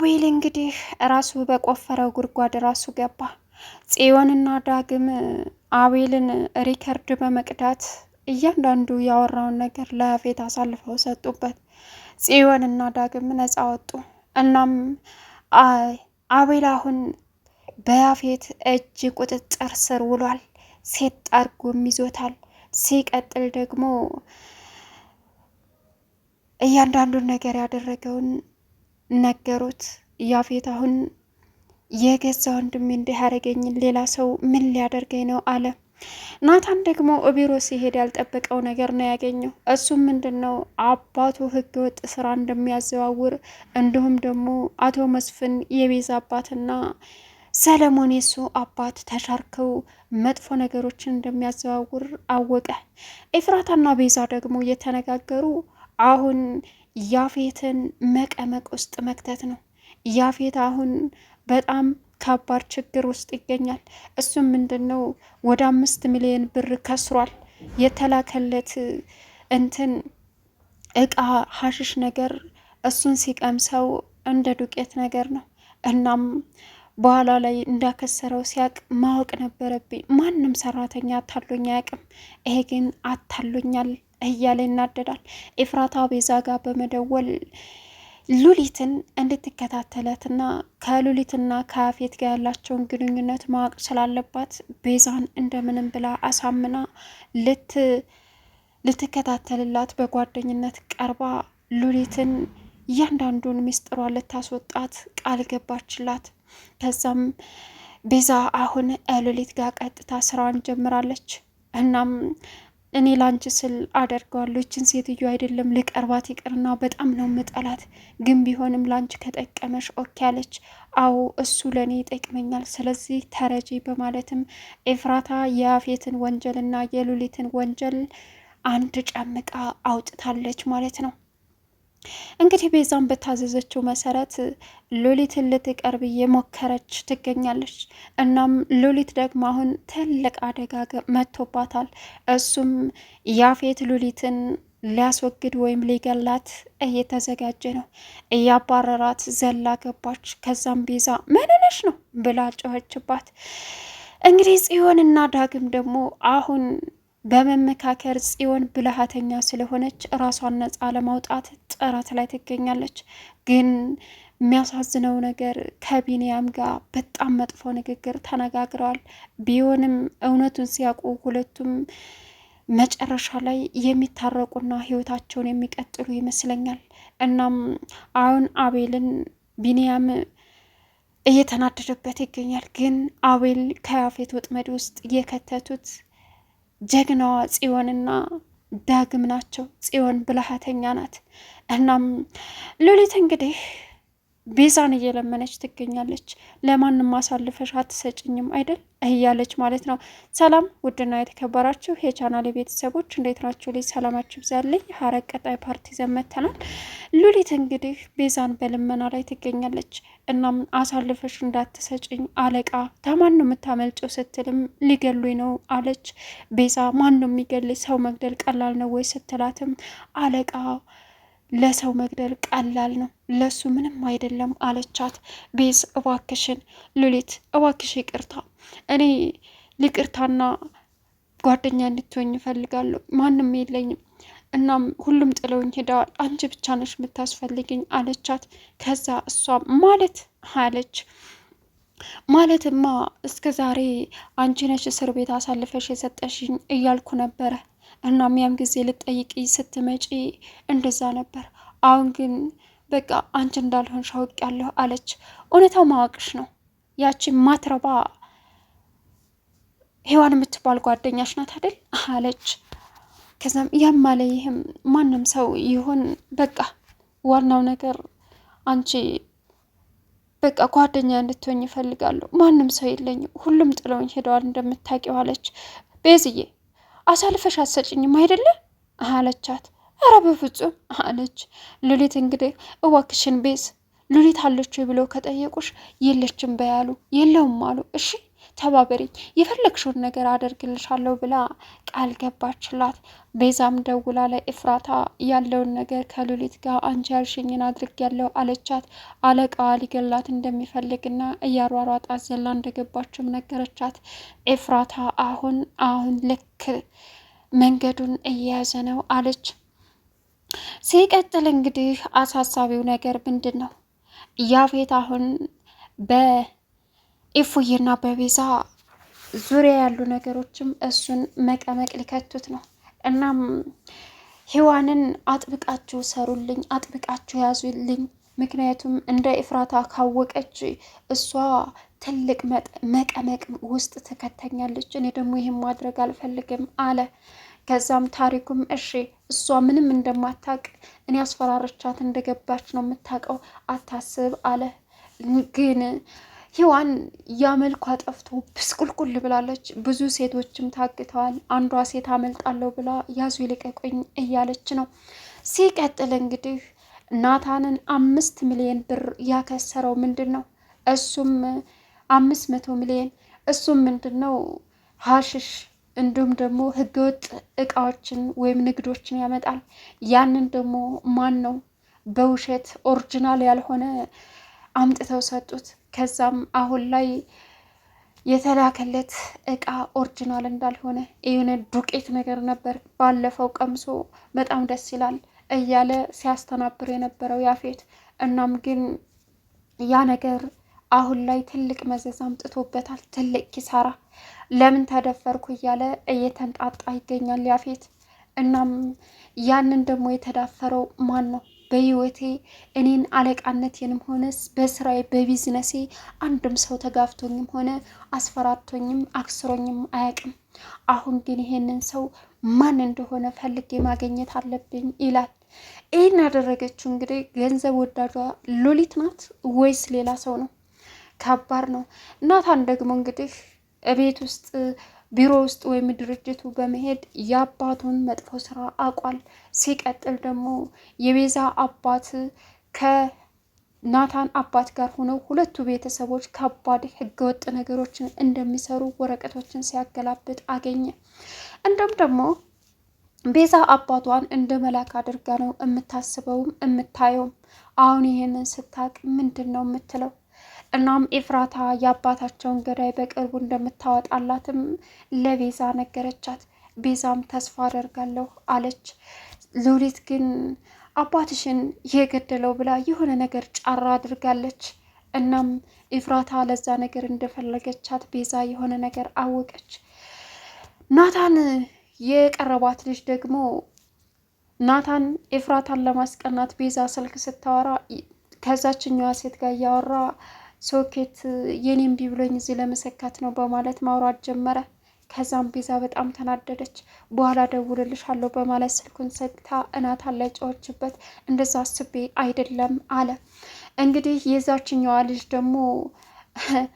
አቤል እንግዲህ ራሱ በቆፈረው ጉድጓድ ራሱ ገባ። ጽዮንና ዳግም አቤልን ሪከርድ በመቅዳት እያንዳንዱ ያወራውን ነገር ለያፌት አሳልፈው ሰጡበት። ጽዮንና ዳግም ነጻ ወጡ። እናም አቤል አሁን በያፌት እጅ ቁጥጥር ስር ውሏል። ሴት አድርጎም ይዞታል። ሲቀጥል ደግሞ እያንዳንዱን ነገር ያደረገውን ነገሩት። ያፌት አሁን የገዛ ወንድሜ እንዲያደርገኝ ሌላ ሰው ምን ሊያደርገኝ ነው አለ። ናታን ደግሞ ቢሮ ሲሄድ ያልጠበቀው ነገር ነው ያገኘው። እሱም ምንድን ነው አባቱ ህገወጥ ስራ እንደሚያዘዋውር እንዲሁም ደግሞ አቶ መስፍን የቤዛ አባትና ሰለሞን የሱ አባት ተሻርከው መጥፎ ነገሮችን እንደሚያዘዋውር አወቀ። ኤፍራታና ቤዛ ደግሞ እየተነጋገሩ አሁን ያፌትን መቀመቅ ውስጥ መክተት ነው። ያፌት አሁን በጣም ከባድ ችግር ውስጥ ይገኛል። እሱም ምንድን ነው ወደ አምስት ሚሊዮን ብር ከስሯል። የተላከለት እንትን እቃ ሀሽሽ ነገር እሱን ሲቀምሰው እንደ ዱቄት ነገር ነው። እናም በኋላ ላይ እንዳከሰረው ሲያቅ ማወቅ ነበረብኝ። ማንም ሰራተኛ አታሎኝ አያውቅም። ይሄ ግን አታሎኛል እያለ ይናደዳል። ኤፍራታ ቤዛ ጋር በመደወል ሉሊትን እንድትከታተለትና ከሉሊትና ከያፌት ጋር ያላቸውን ግንኙነት ማወቅ ስላለባት ቤዛን እንደምንም ብላ አሳምና ልት ልትከታተልላት በጓደኝነት ቀርባ ሉሊትን እያንዳንዱን ምስጢሯን ልታስወጣት ቃል ገባችላት። ከዛም ቤዛ አሁን ሉሊት ጋር ቀጥታ ስራዋን ጀምራለች። እናም እኔ ላንቺ ስል አደርገዋለሁ። ይችን ሴትዮ አይደለም ልቀርባት ይቅርና በጣም ነው ምጠላት፣ ግን ቢሆንም ላንቺ ከጠቀመሽ ኦኬ አለች። አዎ እሱ ለእኔ ይጠቅመኛል፣ ስለዚህ ተረጂ በማለትም ኤፍራታ የአፌትን ወንጀልና የሉሊትን ወንጀል አንድ ጨምቃ አውጥታለች ማለት ነው። እንግዲህ ቤዛን በታዘዘችው መሰረት ሉሊትን ልትቀርብ የሞከረች ትገኛለች። እናም ሉሊት ደግሞ አሁን ትልቅ አደጋ መጥቶባታል። እሱም ያፌት ሉሊትን ሊያስወግድ ወይም ሊገላት እየተዘጋጀ ነው። እያባረራት ዘላ ገባች። ከዛም ቤዛ ምን ነው ብላ ጮኸችባት። እንግዲህ ጽዮንና ዳግም ደግሞ አሁን በመመካከር ጽዮን ብልሃተኛ ስለሆነች ራሷን ነፃ ለማውጣት ጥረት ላይ ትገኛለች። ግን የሚያሳዝነው ነገር ከቢንያም ጋር በጣም መጥፎ ንግግር ተነጋግረዋል። ቢሆንም እውነቱን ሲያውቁ ሁለቱም መጨረሻ ላይ የሚታረቁና ህይወታቸውን የሚቀጥሉ ይመስለኛል። እናም አሁን አቤልን ቢንያም እየተናደደበት ይገኛል። ግን አቤል ከያፌት ወጥመድ ውስጥ የከተቱት ጀግናዋ ጽዮንና ዳግም ናቸው። ጽዮን ብልሃተኛ ናት። እናም ሉሊት እንግዲህ ቤዛን እየለመነች ትገኛለች። ለማንም አሳልፈሽ አትሰጭኝም አይደል እያለች ማለት ነው። ሰላም ውድና የተከበራችሁ የቻናል ቤተሰቦች እንዴት ናችሁ? ልጅ ሰላማችሁ ብዛልኝ። ሐረግ ቀጣይ ፓርቲ ዘመተናል። ሉሊት እንግዲህ ቤዛን በልመና ላይ ትገኛለች። እናም አሳልፈሽ እንዳትሰጭኝ አለቃ፣ ተማን ነው የምታመልጨው ስትልም ሊገሉኝ ነው አለች ቤዛ። ማን ነው የሚገል ሰው መግደል ቀላል ነው ወይ ስትላትም አለቃ ለሰው መግደል ቀላል ነው፣ ለሱ ምንም አይደለም አለቻት። ቤዝ እባክሽን፣ ሉሊት እባክሽ ይቅርታ፣ እኔ ሊቅርታና ጓደኛ እንድትሆኝ እፈልጋለሁ፣ ማንም የለኝም፣ እናም ሁሉም ጥለውኝ ሄደዋል፣ አንቺ ብቻ ነሽ የምታስፈልግኝ አለቻት። ከዛ እሷም ማለት አለች ማለትማ እስከ ዛሬ አንቺ ነሽ እስር ቤት አሳልፈሽ የሰጠሽኝ እያልኩ ነበረ እናም ያም ጊዜ ልትጠይቅኝ ስትመጪ እንደዛ ነበር። አሁን ግን በቃ አንቺ እንዳልሆን ሻውቅ ያለሁ አለች። እውነታው ማወቅሽ ነው። ያቺ ማትረባ ሔዋን የምትባል ጓደኛሽ ናት አይደል አለች። ከዛም ያም አለ ይህም ማንም ሰው ይሁን በቃ ዋናው ነገር አንቺ በቃ ጓደኛ እንድትሆኝ ይፈልጋለሁ። ማንም ሰው የለኝም፣ ሁሉም ጥለውኝ ሄደዋል እንደምታውቂው አለች ቤዝዬ አሳልፈሽ አትሰጭኝም አይደለ አለቻት። አረ በፍጹም አለች ሉሊት። እንግዲህ እዋክሽን ቤዝ ሉሊት አለች ብለው ከጠየቁሽ የለችም በያሉ የለውም አሉ። እሺ ተባበሪኝ፣ የፈለግሽውን ነገር አደርግልሻለሁ ብላ ቃል ገባችላት። ቤዛም ደውላ ለኤፍራታ ያለውን ነገር ከሉሊት ጋር አንቺ ያልሽኝን ያለው አለቻት። አለቃዋ ሊገላት እንደሚፈልግና እያሯሯጣ ዘላ እንደገባችም ነገረቻት። ኤፍራታ አሁን አሁን ልክ መንገዱን እየያዘ ነው አለች። ሲቀጥል እንግዲህ አሳሳቢው ነገር ምንድን ነው? ያፌት አሁን በ ኢፉዬና በቤዛ ዙሪያ ያሉ ነገሮችም እሱን መቀመቅ ሊከቱት ነው። እናም ሔዋንን አጥብቃችሁ ሰሩልኝ፣ አጥብቃችሁ ያዙልኝ። ምክንያቱም እንደ ኢፍራታ ካወቀች እሷ ትልቅ መቀመቅ ውስጥ ትከተኛለች። እኔ ደግሞ ይህም ማድረግ አልፈልግም አለ። ከዛም ታሪኩም እሺ እሷ ምንም እንደማታቅ እኔ አስፈራረቻት እንደገባች ነው የምታውቀው፣ አታስብ አለ ግን ሔዋን ያመልኳ ጠፍቶ ብስቁልቁል ብላለች። ብዙ ሴቶችም ታግተዋል። አንዷ ሴት አመልጣለሁ ብላ ያዙ ይልቀቁኝ እያለች ነው። ሲቀጥል እንግዲህ ናታንን አምስት ሚሊዮን ብር ያከሰረው ምንድን ነው? እሱም አምስት መቶ ሚሊዮን እሱም ምንድን ነው ሀሽሽ እንዲሁም ደግሞ ህገወጥ እቃዎችን ወይም ንግዶችን ያመጣል። ያንን ደግሞ ማን ነው በውሸት ኦሪጂናል ያልሆነ አምጥተው ሰጡት። ከዛም አሁን ላይ የተላከለት እቃ ኦሪጂናል እንዳልሆነ ይሁን ዱቄት ነገር ነበር ባለፈው ቀምሶ በጣም ደስ ይላል እያለ ሲያስተናብር የነበረው ያፌት። እናም ግን ያ ነገር አሁን ላይ ትልቅ መዘዝ አምጥቶበታል፣ ትልቅ ኪሳራ። ለምን ተደፈርኩ እያለ እየተንጣጣ ይገኛል ያፌት። እናም ያንን ደግሞ የተዳፈረው ማን ነው? በህይወቴ እኔን አለቃነቴንም ሆነስ በስራዬ በቢዝነሴ አንድም ሰው ተጋፍቶኝም ሆነ አስፈራቶኝም አክስሮኝም አያውቅም። አሁን ግን ይሄንን ሰው ማን እንደሆነ ፈልጌ ማግኘት አለብኝ ይላል። ይህን ያደረገችው እንግዲህ ገንዘብ ወዳዷ ሎሊት ናት ወይስ ሌላ ሰው ነው? ከባድ ነው። እናታን ደግሞ እንግዲህ ቤት ውስጥ ቢሮ ውስጥ ወይም ድርጅቱ በመሄድ የአባቱን መጥፎ ስራ አቋል። ሲቀጥል ደግሞ የቤዛ አባት ከናታን አባት ጋር ሆነው ሁለቱ ቤተሰቦች ከባድ ህገወጥ ነገሮችን እንደሚሰሩ ወረቀቶችን ሲያገላብጥ አገኘ። እንዲሁም ደግሞ ቤዛ አባቷን እንደ መላክ አድርጋ ነው የምታስበውም የምታየውም። አሁን ይህንን ስታቅ ምንድን ነው የምትለው? እናም ኤፍራታ የአባታቸውን ገዳይ በቅርቡ እንደምታወጣላትም ለቤዛ ነገረቻት። ቤዛም ተስፋ አደርጋለሁ አለች። ሉሊት ግን አባትሽን የገደለው ብላ የሆነ ነገር ጫራ አድርጋለች። እናም ኤፍራታ ለዛ ነገር እንደፈለገቻት ቤዛ የሆነ ነገር አወቀች። ናታን የቀረባት ልጅ ደግሞ ናታን ኤፍራታን ለማስቀናት ቤዛ ስልክ ስታወራ ከዛችኛዋ ሴት ጋር እያወራ ሶኬት የኔም ቢብሎኝ እዚህ ለመሰካት ነው በማለት ማውራት ጀመረ። ከዛም ቤዛ በጣም ተናደደች። በኋላ አለው በማለት ስልኩን ሰግታ እናት ጨዎችበት። እንደዛ አስቤ አይደለም አለ። እንግዲህ የዛችኛዋ ልጅ ደግሞ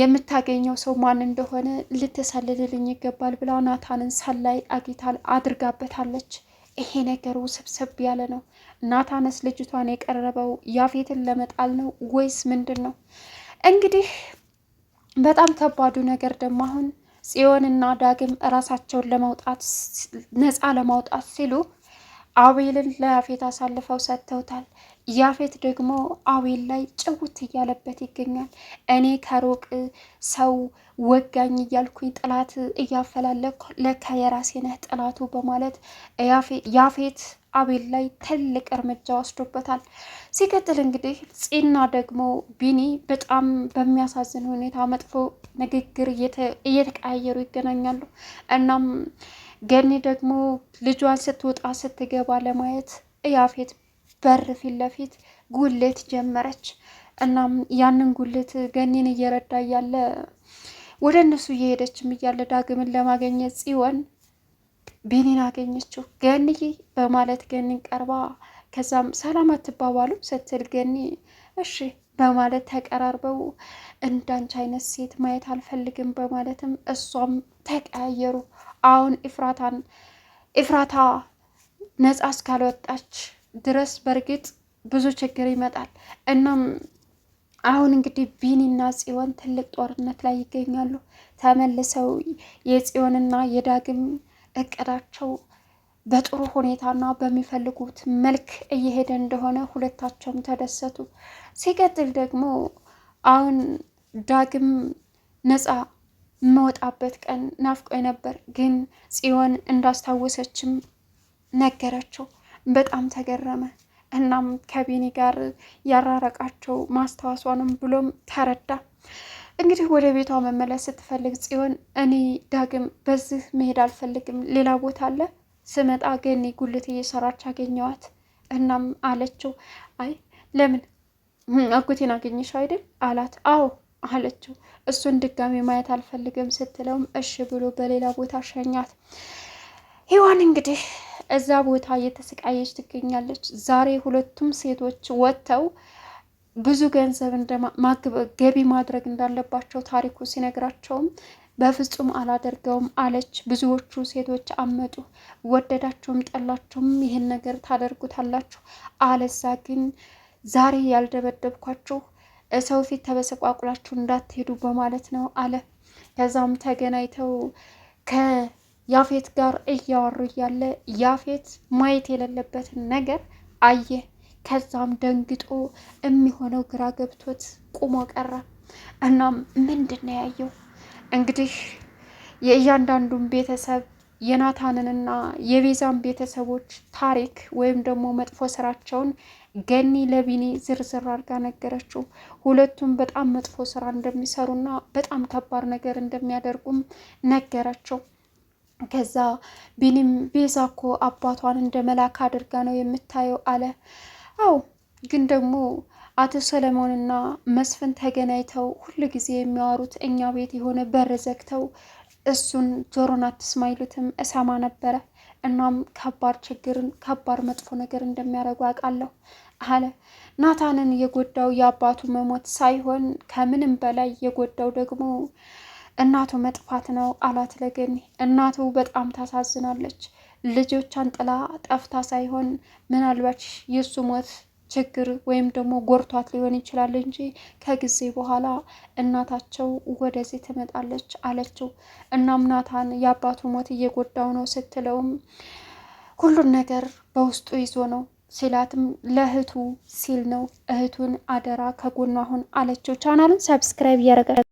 የምታገኘው ሰው ማን እንደሆነ ልትሰልልልኝ ይገባል ብላ ናታንን ሰላይ አጌታል አድርጋበታለች። ይሄ ነገሩ ስብስብ ያለ ነው። ናታንስ ልጅቷን የቀረበው ያፌትን ለመጣል ነው ወይስ ምንድን ነው? እንግዲህ በጣም ከባዱ ነገር ደግሞ አሁን ጽዮንና ዳግም እራሳቸውን ለማውጣት ነፃ ለማውጣት ሲሉ አቤልን ለያፌት አሳልፈው ሰጥተውታል። ያፌት ደግሞ አቤል ላይ ጭውት እያለበት ይገኛል። እኔ ከሩቅ ሰው ወጋኝ እያልኩኝ ጥላት እያፈላለኩ ለካ የራሴ ነህ ጥላቱ በማለት ያፌት አቤል ላይ ትልቅ እርምጃ ወስዶበታል። ሲቀጥል እንግዲህ ፂና ደግሞ ቢኒ በጣም በሚያሳዝን ሁኔታ መጥፎ ንግግር እየተቀያየሩ ይገናኛሉ እናም ገኒ ደግሞ ልጇን ስትወጣ ስትገባ ለማየት እያፌት በር ፊት ለፊት ጉሌት ጀመረች። እናም ያንን ጉሌት ገኒን እየረዳ እያለ ወደ እነሱ እየሄደችም እያለ ዳግምን ለማገኘት ጽዮን ቢኒን አገኘችው። ገኒ በማለት ገኒን ቀርባ ከዛም ሰላም አትባባሉ ስትል ገኒ እሺ በማለት ተቀራርበው እንዳንቺ አይነት ሴት ማየት አልፈልግም በማለትም እሷም ተቀያየሩ። አሁን ኢፍራታን ኢፍራታ ነጻ እስካልወጣች ድረስ በእርግጥ ብዙ ችግር ይመጣል። እናም አሁን እንግዲህ ቢኒና ጽዮን ትልቅ ጦርነት ላይ ይገኛሉ። ተመልሰው የጽዮንና የዳግም እቅዳቸው በጥሩ ሁኔታና በሚፈልጉት መልክ እየሄደ እንደሆነ ሁለታቸውም ተደሰቱ። ሲቀጥል ደግሞ አሁን ዳግም ነጻ የምወጣበት ቀን ናፍቆ ነበር፣ ግን ጽዮን እንዳስታወሰችም ነገረችው። በጣም ተገረመ። እናም ከቢኒ ጋር ያራረቃቸው ማስታወሷንም ብሎም ተረዳ። እንግዲህ ወደ ቤቷ መመለስ ስትፈልግ ጽዮን እኔ ዳግም በዚህ መሄድ አልፈልግም፣ ሌላ ቦታ አለ ስመጣ ገኒ ጉልት እየሰራች አገኘዋት። እናም አለችው አይ ለምን አጎቴን አገኘሽው አይደል አላት። አዎ አለችው። እሱን ድጋሚ ማየት አልፈልግም ስትለውም እሺ ብሎ በሌላ ቦታ ሸኛት። ሔዋን እንግዲህ እዛ ቦታ እየተሰቃየች ትገኛለች። ዛሬ ሁለቱም ሴቶች ወጥተው ብዙ ገንዘብ ገቢ ማድረግ እንዳለባቸው ታሪኩ ሲነግራቸውም በፍጹም አላደርገውም አለች። ብዙዎቹ ሴቶች አመጡ። ወደዳቸውም ጠላቸውም ይህን ነገር ታደርጉታላችሁ፣ አለዛ ግን ዛሬ ያልደበደብኳችሁ ሰው ፊት ተበሰቋቁላችሁ እንዳትሄዱ በማለት ነው አለ። ከዛም ተገናኝተው ከያፌት ጋር እያወሩ እያለ ያፌት ማየት የሌለበትን ነገር አየ። ከዛም ደንግጦ የሚሆነው ግራ ገብቶት ቁሞ ቀረ። እናም ምንድን ነው ያየው? እንግዲህ የእያንዳንዱን ቤተሰብ የናታንንና የቤዛን ቤተሰቦች ታሪክ ወይም ደግሞ መጥፎ ስራቸውን ገኒ ለቢኒ ዝርዝር አድርጋ ነገረችው። ሁለቱም በጣም መጥፎ ስራ እንደሚሰሩና በጣም ከባድ ነገር እንደሚያደርጉም ነገረችው። ከዛ ቢኒም ቤዛ እኮ አባቷን እንደ መላክ አድርጋ ነው የምታየው አለ። አው ግን ደግሞ አቶ ሰለሞንና መስፍን ተገናኝተው ሁል ጊዜ የሚያወሩት እኛ ቤት የሆነ በር ዘግተው እሱን ጆሮን አትስማ ይሉትም እሰማ ነበረ። እናም ከባድ ችግርን ከባድ መጥፎ ነገር እንደሚያደርጉ አውቃለሁ አለ። ናታንን የጎዳው የአባቱ መሞት ሳይሆን ከምንም በላይ የጎዳው ደግሞ እናቱ መጥፋት ነው አላት ለገኒ። እናቱ በጣም ታሳዝናለች። ልጆቿን ጥላ ጠፍታ ሳይሆን ምናልባት የሱ ሞት ችግር ወይም ደግሞ ጎርቷት ሊሆን ይችላል እንጂ ከጊዜ በኋላ እናታቸው ወደዚህ ትመጣለች አለችው። እናም ናታን የአባቱ ሞት እየጎዳው ነው ስትለውም ሁሉን ነገር በውስጡ ይዞ ነው ሲላትም ለእህቱ ሲል ነው። እህቱን አደራ ከጎኗ አሁን አለችው። ቻናሉን ሰብስክራይብ እያደረገ